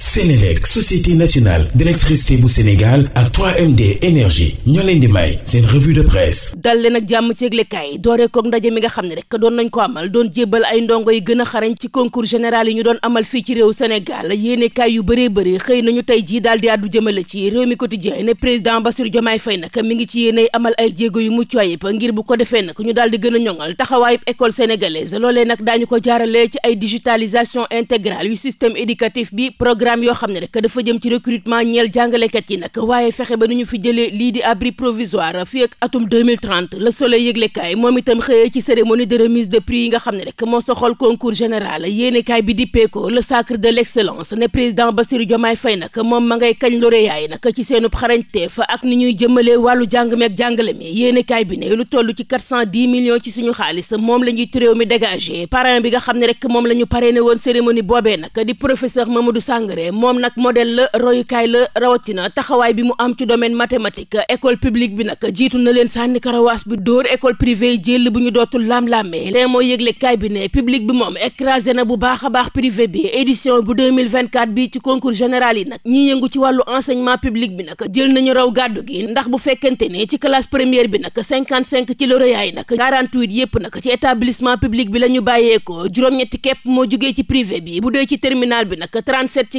Sénélec société nationale d'électricité bu Sénégal ak md énergie ñoo leen di may seen revue de presse dal leen jàmm ci yëglekaay doore kook ndaje mi nga xam ne rek doon nañ ko amal doon jébbal ay ndongo yi gën a xarañ ci concours général yi ñu doon amal fii ci réew Sénégal yéenekaay yu bëree bëri xëy nañu tey jii daal di àddu jëmale ci réew mi quotidien ne président Bassirou Diomaye Faye nag mi ngi ci yéeney amal ay jéego yu mucc ayib ngir bu ko defee nag ñu daal di gën a ñoŋal taxawaayub école sénégalaise loolee nag daañu ko jaaralee ci ay digitalisation intégrale programme yoo xam ne rek dafa jëm ci recrutement ñeel jàngalekat yi nag waaye fexe ba nu ñu fi jëlee lii di abri yéenekaay bi di peeko le de l'excellence ne président Bassirou Diomaye Faye nag moom ma ngay kañ lauréat yi nag ci seenub xarañteef ak ni ñuy jëmalee wàllu jàng meeg jàngale mi yéenekaay bi ne lu toll ci 410 ci suñu xaalis moom la ñuy mi dégagé parrain bi nga xam ne rek moom la ñu parrainé woon cérémonie boobee nag di professeur Mamadou Sangaré degré moom nag modèle la royukaay la rawatina taxawaay bi mu am ci domaine mathématique école publique bi nag jiitu na leen sànni karawaas bi dóor école privée jël bu ñu dootul laam-laamee te moo yëgle kaay bi ne public bi moom écrasé na bu baax baax privé bi édition bu bi ci concours général yi nag ñi yëngu ci wàllu enseignement public bi nag jël nañu raw gàddu gi ndax bu fekkente ne ci classe première bi nag 55 ci ci la ñu bàyyeekoo juróom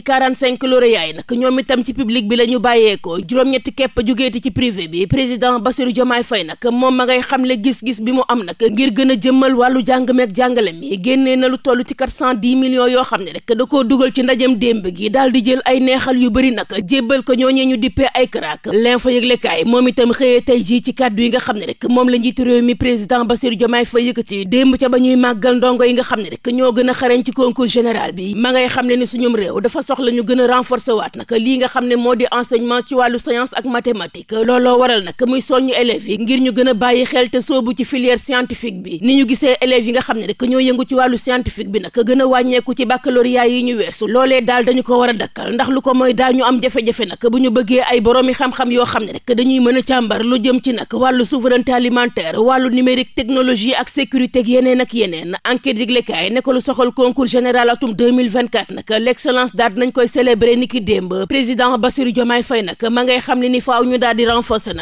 45 lauréats yi nag ñoom itam ci public bi la ñu bàyyeekoo juróom-ñetti kepp jugeeti ci privé bi président Bassirou Diomaye Faye nag moom ma ngay xamle gis-gis bi mu am nag ngir gën a jëmmal wàllu jàng jàngale mi génnee na lu toll ci 410 millions yoo xam ne rek da koo dugal ci ndajem démb gi daal di jël ay neexal yu bëri nag jébbal ko ñooñee ñu dippee ay karaak l'info yëglekaay moom itam xëyee tey jii ci kàddu yi nga xam ne rek moom la njiitu réew mi président Bassirou Diomaye Faye yëkkati démb ca ba ñuy màggal ndongo yi nga xam ne rek ñoo gën a xarañ ci concours général bi ma ngay xam ne ni suñum réew dafa sox soxla ñu gën a renforcer waat lii nga xam ne moo di enseignement ci wàllu science ak mathématique looloo waral nag muy soññu élèves yi ngir ñu gën a bàyyi xel te soobu ci filière scientifique bi ni ñu gisee élèves yi nga xam ne rek ñoo yëngu ci wàllu scientifique bi nag gën a wàññeeku ci baccalauréat yi ñu weesu loolee daal dañu ko war dakkal ndax lu ko mooy daal ñu am jafe-jafe nag bu ñu bëggee ay boroomi xam-xam yoo xam ne rek dañuy mën a càmbar lu jëm ci nag wàllu souveraineté alimentaire wàllu numérique technologie ak sécurité ak ak yeneen enquête yëglekaay ne ko lu soxal concours général atum 2024 lañ koy célébrer ni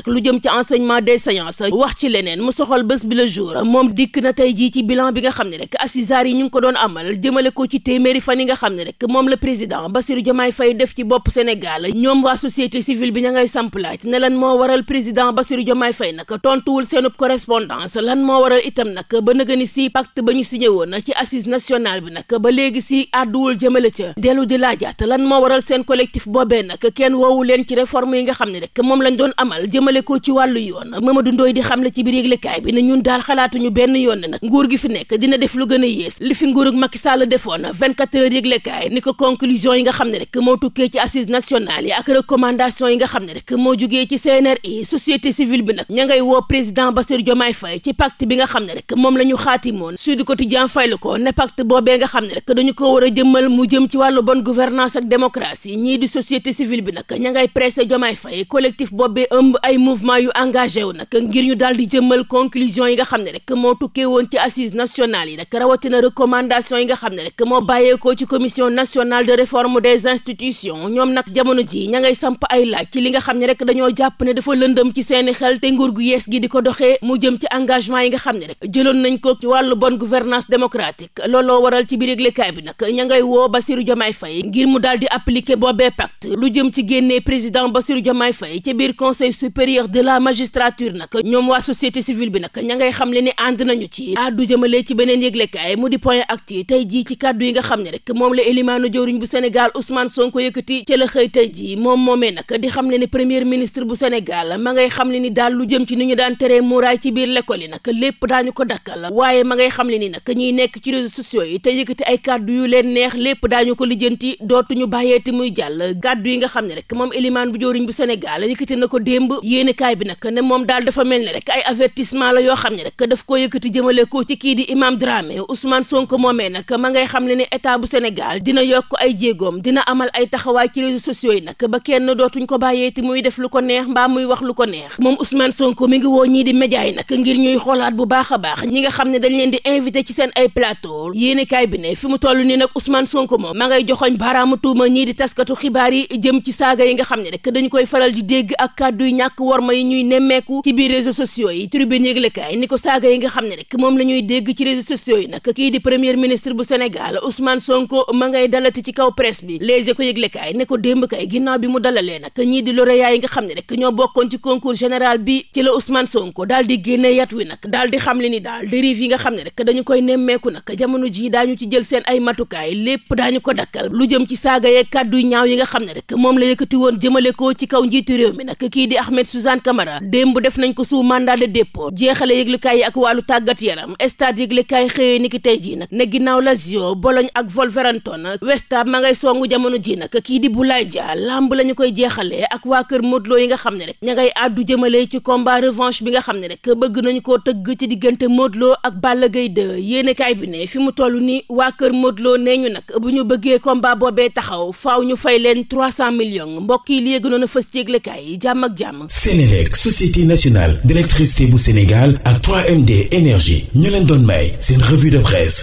lu jëm ci enseignement des sciences wax ci leneen mu soxal bés bi moom bi nga xam ne rek assises yi ñu ngi ko doon amal jëmale ko ci téeméeri fan yi la président Bassirou Diomaye Faye def ci bopp Sénégal ñoom waa société civile bi ña ngay samp laaj ne lan moo waral président Bassirou Diomaye Faye nag tontuwul seenub correspondance lan moo waral itam nag ba nëga ni si pacte ba ñu signé woon ci assise nationale bi nag ba léegi si àdduwul jëmale ca dellu di laaj gàtt lan moo waral seen collectif boobee nag kenn woowu leen ci réforme yi nga xam ne rek moom lañu doon amal jëmale ko ci wàllu yoon Mamadou Ndoye di xamle ci biir yëglekaay bi ne ñun daal xalaatuñu benn yoon ne nag nguur gi fi nekk dina def lu gën a li fi nguurug Macky Sall defoon 24 heures yëglekaay ni ko conclusion yi nga xam ne rek moo ci assises nationales yi ak recommandation yi nga xam ne rek moo jugee ci CNRI société civile bi nag ña ngay woo président Bassirou Diomaye Faye ci pacte bi nga xam ne rek moom la ñu xaatimoon Sud Quotidien fay lu ko ne pacte boobee nga xam ne rek dañu ko war a jëmmal mu jëm ci wàllu bon gouvernance gouvernance ak démocratie ñii di société civile bi nag ña ngay pressé Diomaye Faye collectif boobee ëmb ay mouvement yu engagé wu nag ngir ñu daal di jëmmal conclusion yi nga xam yi nag xam ne moo bàyyeekoo ci commission nationale de réforme des institutions ñoom nag jamono ji ña ngay samp ay laaj ci li nga xam ne rek dañoo jàpp ne dafa lëndëm ci seeni xel te nguur gu yees gi di ko doxee mu jëm ci engagement yi nga xam ne rek jëloon nañ ko ci wàllu bonne gouvernance démocratique looloo waral ci biir yëglekaay bi nag ña ngay woo Bassirou ngir ngir mu daal di appliquer boobee pacte lu jëm ci génnee président Bassirou Diomaye Faye ci biir conseil supérieur de la magistrature nag ñoom waa société civile bi nag ña ngay xam le ni ànd nañu ci àddu jëmale ci beneen yëglekaay mu di point actu tey jii ci kàddu yi nga xam ne rek moom la élimaanu jëwriñ bu Sénégal Ousmane Sonko yëkkati ci la xëy tey jii moom moomee nag di xam ni premier ministre bu Sénégal ma ngay xam le ni daal lu jëm ci ni ñu daan teree muuraay yi nag lépp daañu dootuñu bàyyeeti muy jàll gàddu yi nga xam ne rek moom élimaan bu jóoriñ bu Sénégal yëkkati na ko démb yéenekaay bi nag ne moom daal dafa mel ni rek ay avertissement la yoo xam ne rek daf koo yëkkati jëmale ko ci kii di Imam Dramé Ousmane Sonko moomee nag ma ngay xam ne ne état bu Sénégal dina yokk jéegoom dina amal ay taxawaay ci réseaux sociaux nag ba kenn dootuñ ko bàyyeeti muy def lu ko neex mbaa muy wax lu ko neex moom Ousmane Sonko mi ngi woo ñii di média yi nag ngir ñuy xoolaat bu baax a baax ñi nga xam ne dañ leen di invité ci seen ay plateau yéenekaay bi ne fi mu toll ngay joxoñ baaraam baaraamu tuuma ñii di taskatu xibaar yi jëm ci saaga yi nga xam ne rek dañu koy faral di dégg ak kàddu yu ñàkk worma yi ñuy nemmeeku ci biir réseaux sociaux yi tribune yëglekaay ni ko saaga yi nga xam ne rek moom la ñuy dégg ci réseaux sociaux yi nag kii di ministre bu Sénégal Ousmane Sonko ma ngay dalati ci kaw presse bi Les Échos yëglekaay ne ko démb kay ginnaaw bi mu dalalee nag ñii di lauréat yi nga xam ne rek ñoo bokkoon ci concours général bi ci la Ousmane Sonko daal di génne yat wi nag daal di xam le ni daal dérive yi nga xam ne rek dañu koy nemmeeku nag jamono ji daañu ci jël seen ay matukaay lépp daañu ko dakkal saaga yeeg kàddu ñaaw yi nga xam ne rek moom la yëkkati woon jëmale ko ci kaw njiitu réew mi nag kii di Ahmed Suzanne Camara démb def nañ ko sous mandat de dépôt jeexale yëglekaay yi ak wàllu tàggat yaram stade yëglekaay xëyee ni ki tey jii nag ne ginnaaw Lazio Bologne ak Wolverhampton West Ham ma ngay songu jamono ji nag kii di Boulaye Dia lamb la ñu koy jeexalee ak waa kër Modou Lo yi nga xam ne rek ña ngay àddu jëmale ci combat revanche bi nga xam ne rek bëgg nañu koo tëgg ci diggante Modou Lo ak Balla gay 2 yéenekaay bi ne fi mu toll ni waa kër Modou Lo nee ñu nag bu ñu bëggee combat boobee loolee taxaw faaw ñu fay leen 300 millions mbokk yi li yëgënoon a fës ci yëglekaay jàmm ak jàmm. Sénélec société nationale d'électricité bu Sénégal ak 3MD énergie ñu leen doon may seen revue de presse.